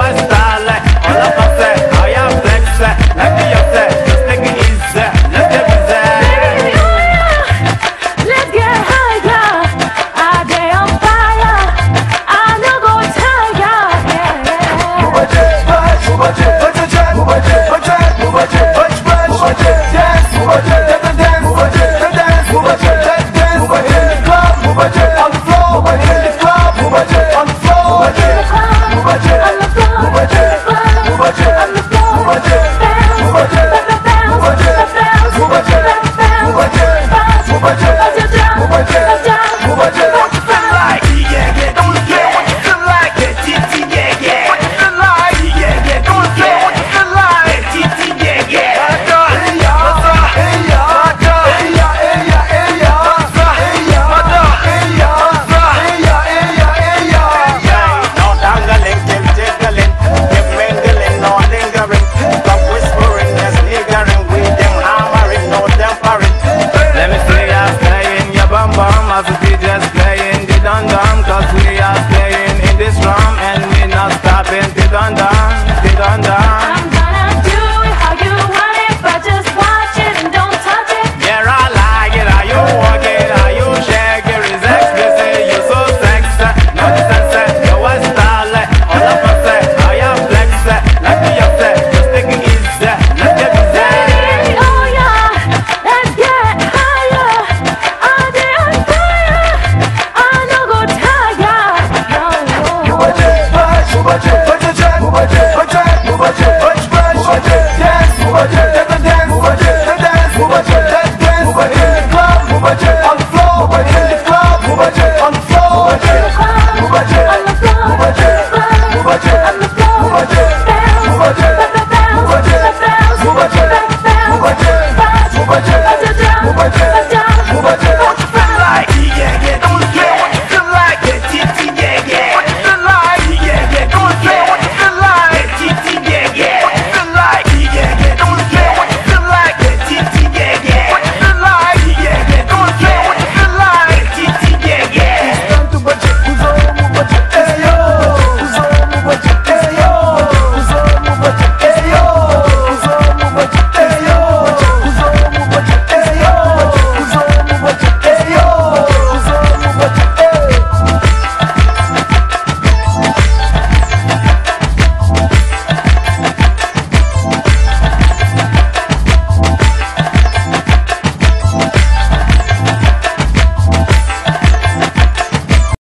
我。Cause we are playing in this room and we not stopping. Did on down, did on down.